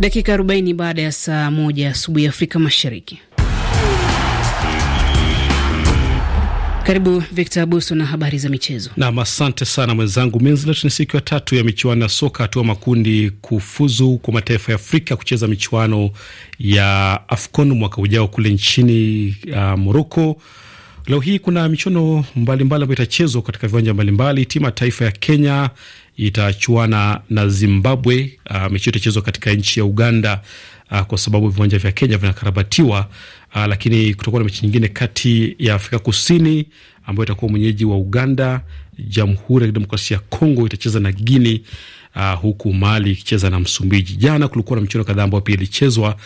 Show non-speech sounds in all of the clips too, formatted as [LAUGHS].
Dakika 40 baada ya saa moja asubuhi Afrika Mashariki. Karibu Victor Abuso na habari za michezo. Nam, asante sana mwenzangu. Ni siku ya tatu ya michuano ya soka hatua makundi kufuzu kwa mataifa ya Afrika kucheza michuano ya AFCON mwaka ujao kule nchini uh, Moroko. Leo hii kuna michuano mbalimbali ambayo itachezwa katika viwanja mbalimbali. Timu ya taifa ya Kenya itachuana na Zimbabwe. Uh, mechi itachezwa katika nchi ya Uganda uh, kwa sababu viwanja vya Kenya vinakarabatiwa. Uh, lakini kutakuwa na mechi nyingine kati ya Afrika Kusini ambayo itakuwa mwenyeji wa Uganda. Jamhuri ya Kidemokrasia ya Kongo itacheza na Guini, uh, huku Mali ikicheza na Msumbiji. Jana kulikuwa na michuano kadhaa ambayo pia ilichezwa.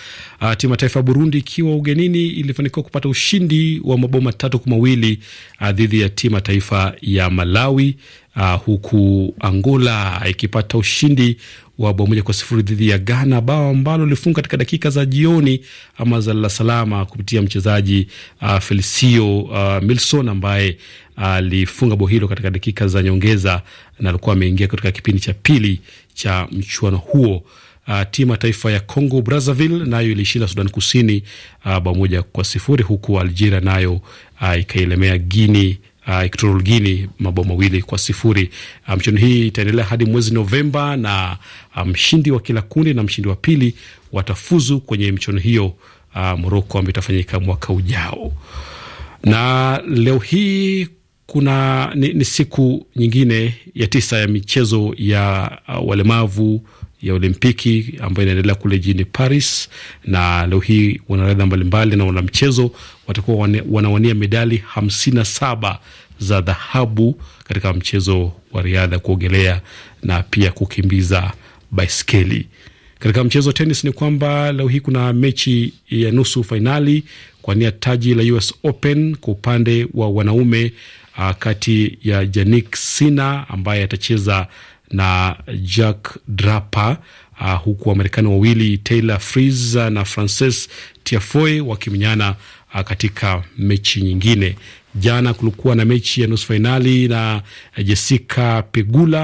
Uh, timu ya taifa ya Burundi ikiwa ugenini ilifanikiwa kupata ushindi wa mabao matatu kwa mawili uh, dhidi ya timu ya taifa ya Malawi uh, huku Angola ikipata ushindi wa bao moja kwa sifuri dhidi ya Ghana, bao ambalo lilifunga katika dakika za jioni ama za lala salama kupitia mchezaji uh, Felicio uh, Milson ambaye alifunga uh, bao hilo katika dakika za nyongeza na alikuwa ameingia katika kipindi cha pili cha mchuano huo. Uh, timu ya taifa ya Congo Brazzaville nayo ilishinda Sudan Kusini uh, bao moja kwa sifuri huku Algeria nayo uh, ikailemea Guinea uh, Equatorial Guinea mabao mawili kwa sifuri. Ah, michuano um, hii itaendelea hadi mwezi Novemba na ah, mshindi um, wa kila kundi na mshindi wa pili watafuzu kwenye michuano hiyo uh, Moroko ambayo itafanyika mwaka ujao. Na leo hii kuna ni, ni siku nyingine ya tisa ya michezo ya uh, walemavu ya Olimpiki ambayo inaendelea kule jijini Paris, na leo hii wanariadha mbalimbali na wanamchezo watakuwa wanawania medali hamsini na saba za dhahabu katika mchezo wa riadha, kuogelea na pia kukimbiza baiskeli. Katika mchezo wa tenis ni kwamba leo hii kuna mechi ya nusu fainali kuwania taji la US Open kwa upande wa wanaume, uh, kati ya Jannik Sinner ambaye atacheza na Jack Draper uh, huku Wamarekani wawili Taylor Friza na Frances Tiafoe wakimenyana uh, katika mechi nyingine. Jana kulikuwa na mechi ya nusu fainali na Jessica Pegula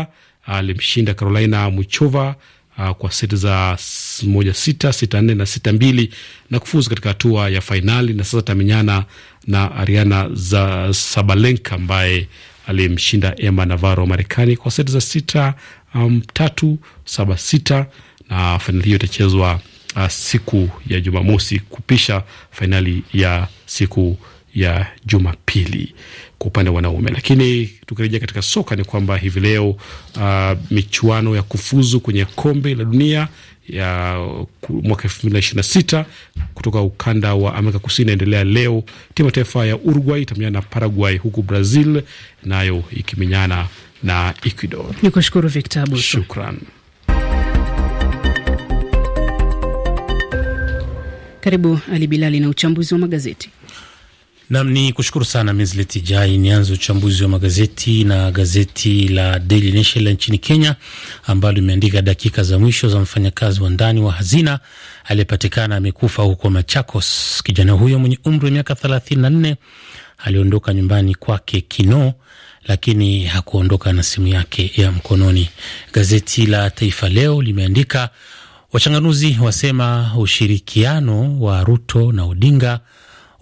uh, alimshinda uh, Carolina Muchova uh, kwa seti za moja sita sita nne na sita mbili na kufuzu katika hatua ya fainali, na sasa tamenyana na Ariana za Sabalenka ambaye aliyemshinda Emma Navarro wa Marekani kwa seti za sita um, tatu saba sita, na fainali hiyo itachezwa uh, siku ya Jumamosi kupisha fainali ya siku ya Jumapili kwa upande wa wanaume. Lakini tukirejea katika soka ni kwamba hivi leo uh, michuano ya kufuzu kwenye kombe la dunia ya mwaka elfu mbili na ishirini na sita kutoka ukanda wa Amerika Kusini inaendelea leo. Timu ya taifa ya Uruguay itamenyana na Paraguay, huku Brazil nayo ikimenyana na Ecuador. Ni kushukuru Victor Abuso, shukran. Karibu Ali Bilali na uchambuzi wa magazeti. Nam ni kushukuru sana Meslet Jai. Nianze uchambuzi wa magazeti na gazeti la Daily Nation la nchini Kenya ambalo limeandika dakika za mwisho za mfanyakazi wa ndani wa hazina aliyepatikana amekufa huko Machakos. Kijana huyo mwenye umri wa miaka 34 aliondoka nyumbani kwake Kino, lakini hakuondoka na simu yake ya mkononi. Gazeti la Taifa Leo limeandika wachanganuzi wasema ushirikiano wa Ruto na Odinga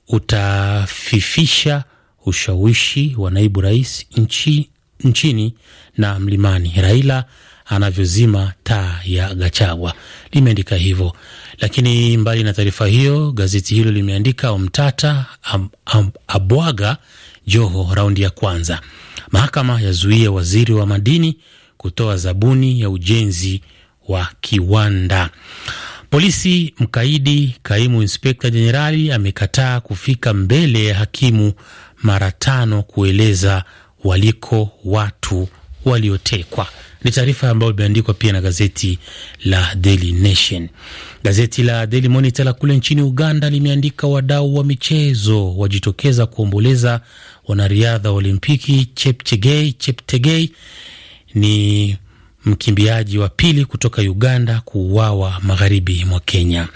utafifisha ushawishi wa naibu rais nchi, nchini na mlimani, Raila anavyozima taa ya Gachagua, limeandika hivyo. Lakini mbali na taarifa hiyo, gazeti hilo limeandika Omtata am, am, abwaga Joho raundi ya kwanza. Mahakama yazuia waziri wa madini kutoa zabuni ya ujenzi wa kiwanda. Polisi mkaidi kaimu inspekta jenerali amekataa kufika mbele ya hakimu mara tano kueleza waliko watu waliotekwa. Ni taarifa ambayo imeandikwa pia na gazeti la Daily Nation. Gazeti la Daily Monitor la kule nchini Uganda limeandika wadau wa michezo wajitokeza kuomboleza wanariadha wa Olimpiki Chepchegei Cheptegei ni mkimbiaji wa pili kutoka Uganda kuuawa magharibi mwa Kenya.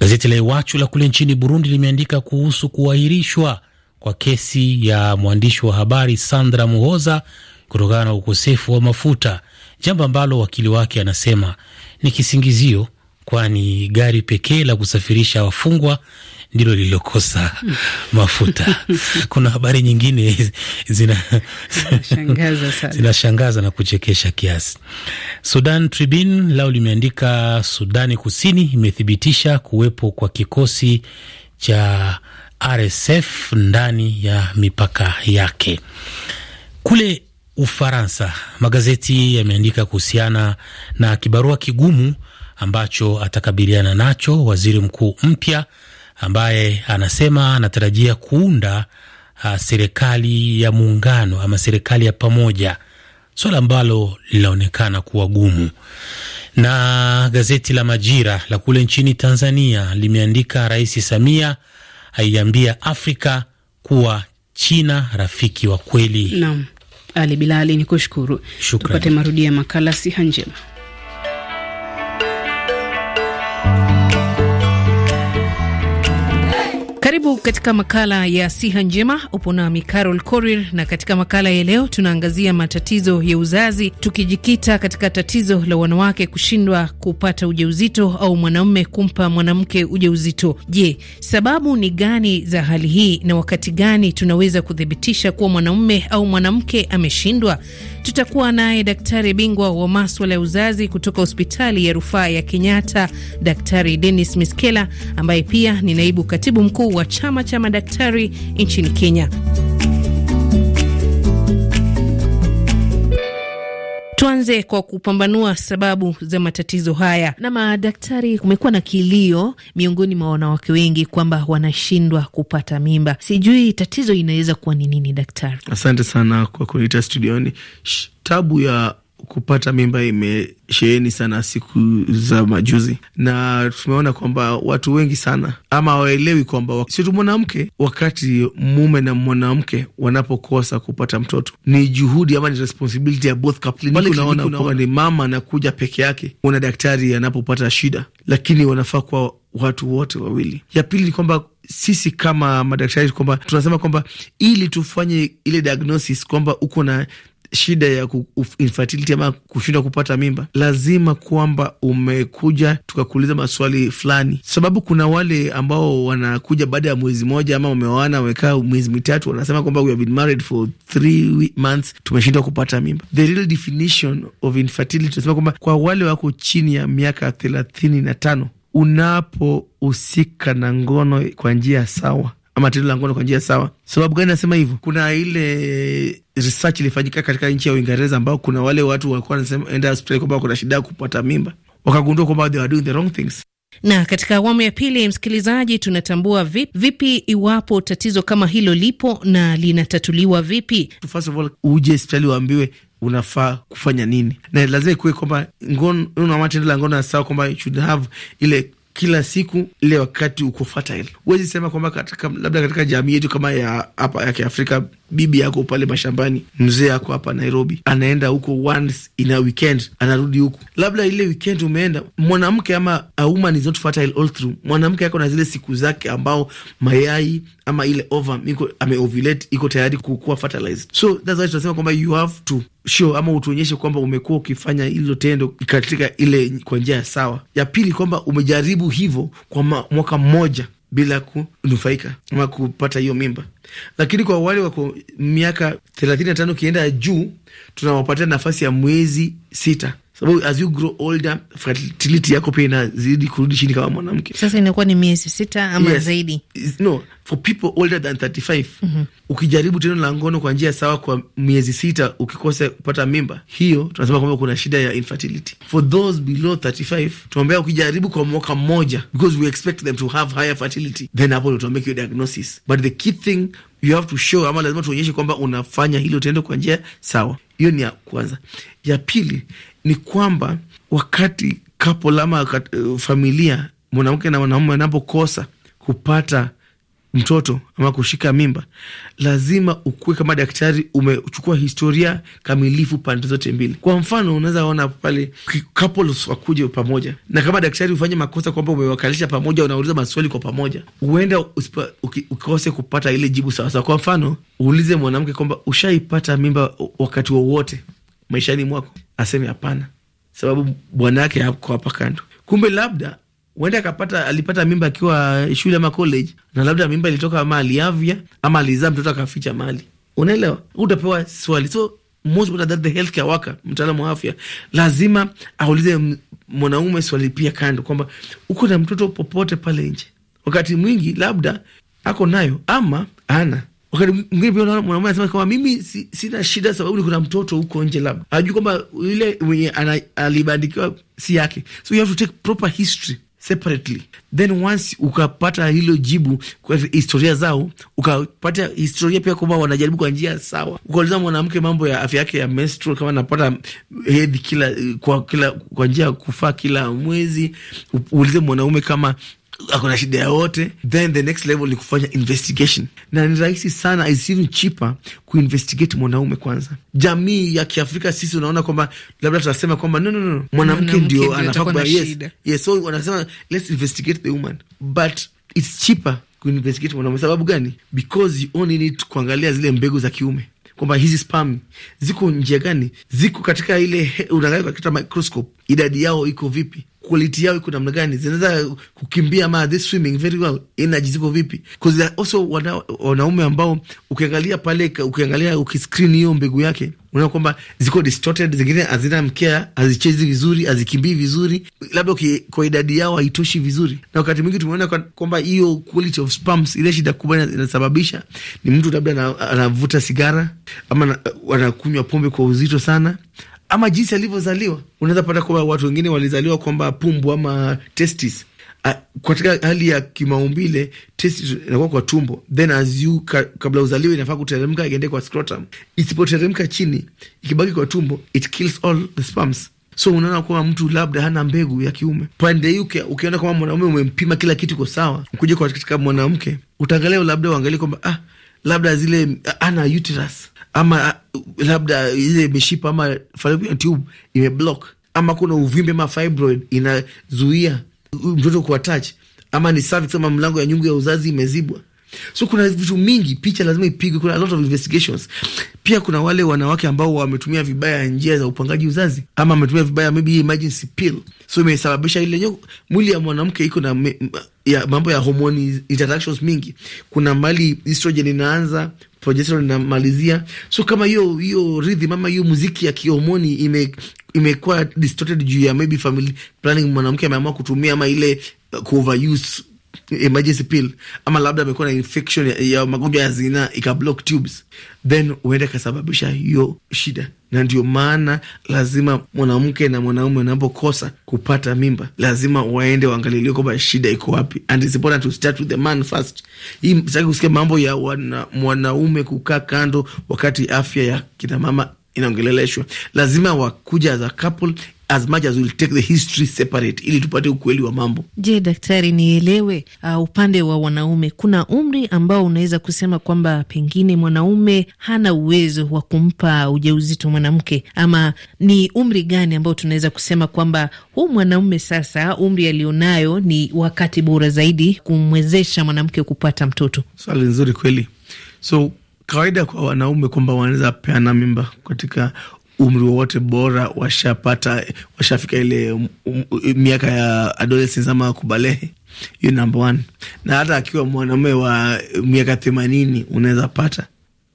Gazeti la Iwachu la kule nchini Burundi limeandika kuhusu kuahirishwa kwa kesi ya mwandishi wa habari Sandra Muhoza kutokana na ukosefu wa mafuta, jambo ambalo wakili wake anasema ni kisingizio, kwani gari pekee la kusafirisha wafungwa ndilo lililokosa hmm. mafuta. [LAUGHS] Kuna habari nyingine zinashangaza zina, na kuchekesha kiasi. Sudan Tribune lao limeandika Sudani Kusini imethibitisha kuwepo kwa kikosi cha RSF ndani ya mipaka yake. Kule Ufaransa, magazeti yameandika kuhusiana na kibarua kigumu ambacho atakabiliana nacho waziri mkuu mpya ambaye anasema anatarajia kuunda uh, serikali ya muungano ama serikali ya pamoja, swala ambalo linaonekana kuwa gumu. Na gazeti la Majira la kule nchini Tanzania limeandika Rais Samia aiambia Afrika kuwa China rafiki wa kweli. Naam, Ali Bilali ni kushukuru. Tupate marudio ya makala siha njema. Karibu katika makala ya siha njema. Upo nami Carol Korir, na katika makala ya leo tunaangazia matatizo ya uzazi, tukijikita katika tatizo la wanawake kushindwa kupata ujauzito au mwanaume kumpa mwanamke ujauzito. Je, sababu ni gani za hali hii, na wakati gani tunaweza kuthibitisha kuwa mwanaume au mwanamke ameshindwa? Tutakuwa naye daktari bingwa wa maswala ya uzazi kutoka hospitali ya rufaa ya Kenyatta, Daktari Denis Miskela ambaye pia ni naibu katibu mkuu wa chama cha madaktari nchini Kenya. Tuanze kwa kupambanua sababu za matatizo haya na madaktari. Kumekuwa na kilio miongoni mwa wanawake wengi kwamba wanashindwa kupata mimba. Sijui tatizo inaweza kuwa ni nini, daktari? Asante sana kwa kuniita studioni. Tabu ya kupata mimba imesheheni sana siku za majuzi, na tumeona kwamba watu wengi sana ama hawaelewi kwamba sio tu mwanamke, wakati mume na mwanamke wanapokosa kupata mtoto ni juhudi ama ni responsibility ya both couple. Unaona kwamba ni mama anakuja peke yake, una daktari anapopata shida, lakini wanafaa kuwa watu wote wawili. Ya pili ni kwamba sisi kama madaktari kwamba tunasema kwamba ili tufanye ile diagnosis kwamba uko na shida ya infertility ama kushindwa kupata mimba, lazima kwamba umekuja tukakuuliza maswali fulani, sababu kuna wale ambao wanakuja baada ya mwezi moja ama wameoana wamekaa mwezi mitatu, wanasema kwamba we have been married for three months, tumeshindwa kupata mimba. The real definition of infertility tunasema kwamba kwa wale wako chini ya miaka thelathini na tano unapohusika na ngono kwa njia sawa ama tendo la ngono kwa njia sawa. Sababu gani nasema hivyo? Kuna ile research ilifanyika katika nchi ya Uingereza ambao kuna wale watu walikuwa wanasema enda hospitali kwamba kuna shida ya kupata mimba, wakagundua kwamba they were doing the wrong things. Na katika awamu ya pili, msikilizaji, tunatambua vipi, vipi iwapo tatizo kama hilo lipo na linatatuliwa vipi. First of all, uje hospitali waambiwe unafaa kufanya nini, na lazima ikuwe kwamba ngono, tendo la ngono na sawa, kwamba you should have ile kila siku ile wakati uko fertile. Huwezi sema kwamba katika, labda katika jamii yetu kama ya hapa ya Kiafrika bibi yako pale mashambani, mzee ako hapa Nairobi, anaenda huko once in a weekend, anarudi huku, labda ile weekend umeenda. Mwanamke ama a woman is not fertile all through. Mwanamke ako na zile siku zake ambao mayai ama ile ova iko ameovulate, iko tayari kukuwa fertilized, so that's why tunasema kwamba you have to show ama utuonyeshe kwamba umekuwa ukifanya hilo tendo katika ile kwa njia ya sawa. Ya pili kwamba umejaribu hivyo kwa mwaka mmoja bila kunufaika ama kupata hiyo mimba. Lakini kwa wale wako miaka thelathini na tano ukienda juu, tunawapatia nafasi ya mwezi sita sababu as you grow older fertility yako pia inazidi kurudi chini kama mwanamke. Sasa inakuwa ni miezi sita ama yes, zaidi. No, for people older than 35. Mm -hmm. Ukijaribu tendo la ngono kwa njia sawa kwa miezi sita ukikosa kupata mimba, hiyo tunasema kwamba kuna shida ya infertility. For those below 35, tunaombea ukijaribu kwa mwaka mmoja because we expect them to have higher fertility. Then hapo ndo tunaambia hiyo diagnosis. But the key thing you have to show, ama lazima tuonyeshe kwamba unafanya hilo tendo kwa njia sawa. Hiyo ni ya kwanza. Ya pili ni kwamba wakati kapo lama eh, familia, mwanamke na mwanaume wanapokosa kupata mtoto ama kushika mimba, lazima ukuwe kama daktari umechukua historia kamilifu pande zote mbili. Kwa mfano, unaweza ona pale couples wakuje pamoja, na kama daktari ufanye makosa kwamba umewakalisha pamoja, unauliza maswali kwa pamoja, huenda ukose kupata ile jibu sawasawa. Kwa mfano, uulize mwanamke kwamba ushaipata mimba wakati wowote maishani mwako, aseme hapana, sababu bwana yake ako hapa kando. Kumbe labda huenda akapata alipata mimba akiwa shule ama college, na labda mimba ilitoka ama aliavya ama alizaa mtoto akaficha mali, unaelewa? Utapewa swali so most that the healthcare worker, mtaalamu wa afya, lazima aulize mwanaume swali pia kando kwamba uko na mtoto popote pale nje. Wakati mwingi labda ako nayo ama ana wakati mwingine pia unaona mwanaume anasema kwamba mimi si, sina shida sababu ni kuna mtoto huko nje, labda ajui kwamba ile mwenye alibandikiwa si yake, so you have to take proper history separately then once ukapata hilo jibu kwa historia zao, ukapata historia pia kwamba wanajaribu kwa njia sawa. Ukauliza mwanamke mambo ya afya yake ya menstrual, kama anapata hedhi kila kwa kila kwa njia ya kufaa kila mwezi. Uulize mwanaume kama akona shida yoyote, then the next level ni kufanya investigation, na ni rahisi sana, is even cheaper kuinvestigate mwanaume kwanza. Jamii ya Kiafrika sisi unaona kwamba labda tunasema kwamba no, no, no, mwanamke ndio anafaa yes, yes, so wanasema let's investigate the woman but it's cheaper kuinvestigate mwanaume. Sababu gani? Because you only need kuangalia zile mbegu za kiume kwamba hizi spam ziko njia gani, ziko katika ile, unaangalia katika microscope, idadi yao iko vipi quality yao iko namna gani, zinaweza kukimbia ma they swimming very well, energy ziko vipi? Because there also wana, wanaume ambao ukiangalia pale, ukiangalia ukiscreen hiyo mbegu yake unaona kwamba ziko distorted, zingine hazina mkia, hazichezi vizuri, hazikimbii vizuri, labda kwa idadi yao haitoshi vizuri. Na wakati mwingi tumeona kwamba hiyo quality of sperms, ile shida kubwa inasababisha ni mtu labda anavuta sigara ama anakunywa pombe kwa uzito sana, ama jinsi alivyozaliwa. Unaweza pata kwamba watu wengine walizaliwa kwamba pumbu ama testis katika hali ya kimaumbile testis inakuwa kwa tumbo, then as you ka, kabla uzaliwe inafaa kuteremka iende kwa scrotum. Isipoteremka chini ikibaki kwa tumbo, it kills all the sperms. So unaona kwamba mtu labda hana mbegu ya kiume pande uke. Ukiona kwamba mwanaume umempima kila kitu iko sawa, kuja katika mwanamke utaangalia labda uangalie kwamba ah, labda zile ah, ana uterus ama labda ile mishipa ama fallopian tube imeblock, ama kuna uvimbe ama fibroid inazuia mtoto kuattach, ama ni cervix ama mlango ya nyungu ya uzazi imezibwa. So kuna vitu mingi, picha lazima ipigwe, kuna a lot of investigations. Pia kuna wale wanawake ambao wametumia vibaya njia za upangaji uzazi, ama ametumia vibaya maybe emergency pill, so imesababisha ile nyo, Mwili ya mwanamke iko na ya, mambo ya homoni interactions mingi. Kuna mali estrogen inaanza, progesterone linamalizia So kama hiyo hiyo rhythm ama hiyo muziki ya kiomoni ime imekuwa distorted juu ya maybe family planning, mwanamke ameamua kutumia ama ile uh, kuoveruse emergency pill ama labda amekuwa na infection ya magonjwa ya zina ikablock tubes, then huenda ikasababisha hiyo shida. Na ndio maana lazima mwanamke na mwanaume wanapokosa kupata mimba, lazima waende waangaliliwe kwamba shida iko wapi, and it's important to start with the man first. Hii sitaki kusikia mambo ya wana, mwanaume kukaa kando wakati afya ya kinamama inaongeleleshwa. Lazima wakuja as a couple as much as we'll take the history separate ili tupate ukweli wa mambo. Je, daktari, nielewe uh, upande wa wanaume kuna umri ambao unaweza kusema kwamba pengine mwanaume hana uwezo wa kumpa ujauzito mwanamke, ama ni umri gani ambao tunaweza kusema kwamba huu mwanaume sasa umri alionayo ni wakati bora zaidi kumwezesha mwanamke kupata mtoto? Swali nzuri kweli. So kawaida kwa wanaume kwamba wanaweza peana mimba katika umri wowote bora washapata, washafika ile um, um, miaka ya adolescence ama kubalehe. Hiyo namba one, na hata akiwa mwanaume wa miaka themanini unaweza pata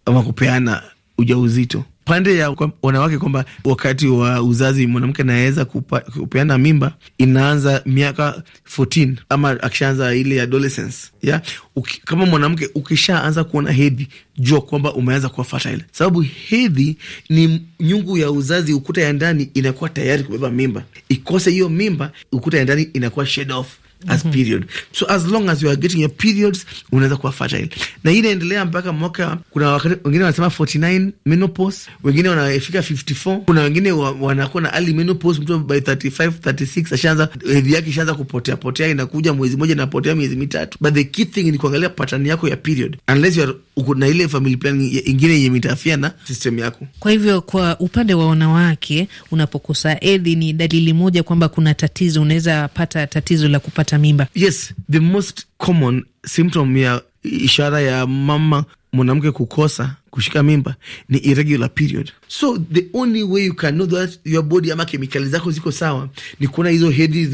ama kupeana ujauzito pande ya wanawake kwamba wakati wa uzazi mwanamke anaweza kupeana mimba, inaanza miaka 14 ama akishaanza ile adolescence ya uki, kama mwanamke ukishaanza kuona hedhi, jua kwamba umeanza kuwa fertile, sababu hedhi ni nyungu ya uzazi. Ukuta ya ndani inakuwa tayari kubeba mimba, ikose hiyo mimba, ukuta ya ndani inakuwa shed off as mhm. period. So as long as you are getting your periods unaweza kuwa fertile. Na hii inaendelea mpaka mwaka, kuna wakati wengine wanasema 49 menopause, wengine wanafika 54, kuna wengine wanakuwa na early menopause, mtu by 35, 36 ashaanza hedhi yake ishaanza kupotea potea, inakuja mwezi mmoja, inapotea miezi mitatu. But the key thing ni kuangalia pattern yako ya period unless you are uko na ile family plan ingine yenye na system yako. Kwa hivyo, kwa upande wa wanawake, unapokosa hedhi ni dalili moja kwamba kuna tatizo, unaweza pata tatizo la kupata mimba. Yes, the most common symptom ya ishara ya mama mwanamke kukosa kushika mimba ni irregular period. So the only way you can know that your body ama kemikali zako ziko sawa ni kuona hizo hedhi,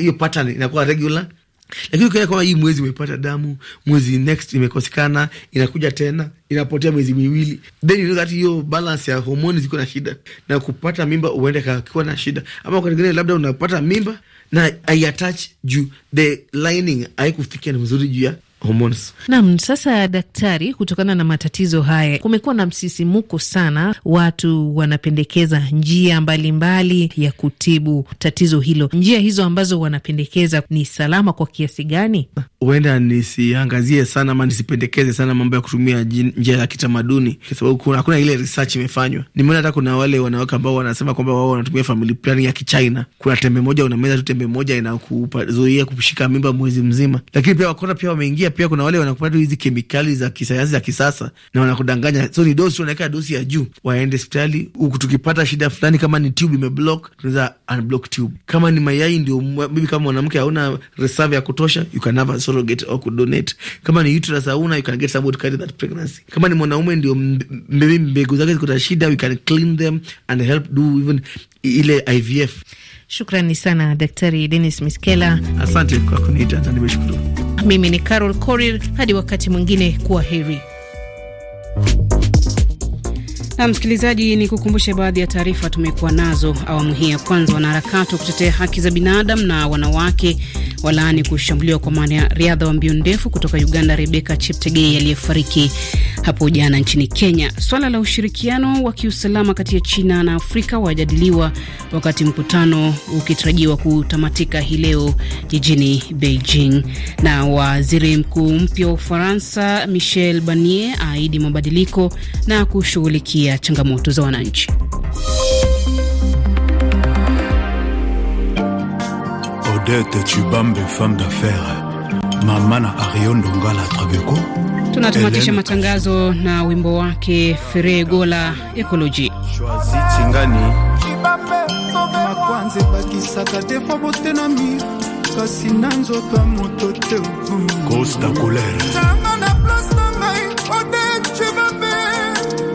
hiyo pattern inakuwa regular lakini ukiona kwamba hii mwezi umepata damu, mwezi next imekosekana, inakuja tena, inapotea miezi miwili, then that hiyo balance ya homoni ziko na shida, na kupata mimba uende kakiwa na shida, ama wakati ngine labda unapata mimba na aiatach juu the lining haikufikia ni mzuri juu ya hormones. Naam, sasa daktari, kutokana na matatizo haya kumekuwa na msisimuko sana, watu wanapendekeza njia mbalimbali mbali ya kutibu tatizo hilo. Njia hizo ambazo wanapendekeza ni salama kwa kiasi gani? Huenda nisiangazie sana ama nisipendekeze sana mambo ya kutumia njia ya kitamaduni, kwa sababu hakuna ile research imefanywa. Nimeona hata kuna wale wanawake ambao wanasema kwamba wao wanatumia family planning ya Kichina. Kuna tembe moja unameza tu, tembe moja inakuzuia kushika mimba mwezi mzima, lakini pia wakona pia wameingia pia kuna wale wanakupata tu hizi kemikali za kisayansi za kisasa na wanakudanganya, so ni dosi, unaweka dosi ya juu, waende hospitali huku. Tukipata shida fulani, kama ni tube imeblock, tunaweza unblock tube. Kama ni mayai, ndio bibi, kama mwanamke hauna reserve ya kutosha, you can have a surrogate or donate. Kama ni uterus hauna, you can get somebody to carry that pregnancy. Kama ni mwanaume, ndio mbegu mbegu zake zikuta shida, we can clean them and help do even ile IVF. Shukrani sana Daktari Denis Miskela, asante kwa kuniita na nimeshukuru. Mimi ni Carol Korir, hadi wakati mwingine, kuwa heri. Na msikilizaji, ni kukumbushe baadhi ya taarifa tumekuwa nazo awamu hii ya kwanza. Wanaharakati wa kutetea haki za binadamu na wanawake walaani kushambuliwa kwa mwanariadha wa mbio ndefu kutoka Uganda Rebeka Cheptegei aliyefariki hapo jana nchini Kenya. Swala la ushirikiano wa kiusalama kati ya China na Afrika wajadiliwa wakati mkutano ukitarajiwa kutamatika hii leo jijini Beijing. Na waziri mkuu mpya wa Ufaransa Michel Barnier aahidi mabadiliko na kushughulikia kuangazia changamoto za wananchi. Odette Chibambe, femme d'affaires, mama na Trabeko. Tunatamatisha matangazo na wimbo wake Feregola Ekoloji. makanza defa kasi moto te kosta kolere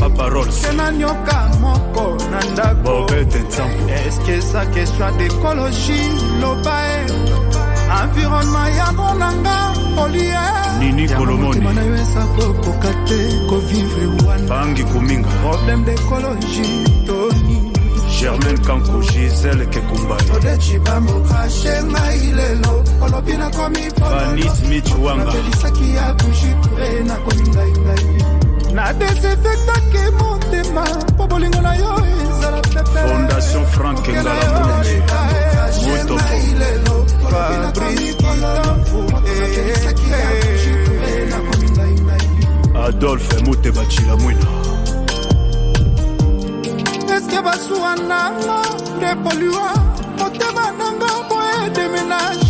ma parole sena nyoka moko na ndako eske eza que loba e environnement ya monanga Nini yo eza kokoka te kovivre kominga problème d'écologie toni germaine kanko gisele nadesinfektaki motema mpo bolingo na yo ezala fondation frank engala bolonge motoko adolphe motebacila mwina eske basuwa nanga nde polua motema nanga boye demenage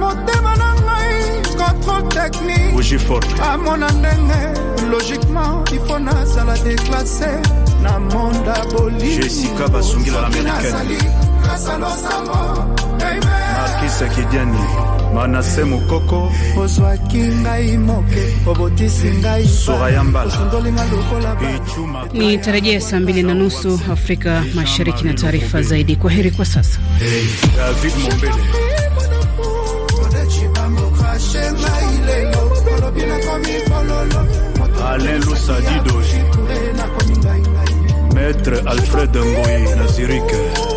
motema na ngai technique amona ndenge logiquement déclassé na monde manase mokoko ozwaki ngai moke obotisi ngai ni tarajia saa mbili na nusu Afrika Mashariki na taarifa zaidi. Kwa heri kwa sasa. Hey, David Mombele. Alain Loussa Dido Maître Alfred Ngoye Nazirique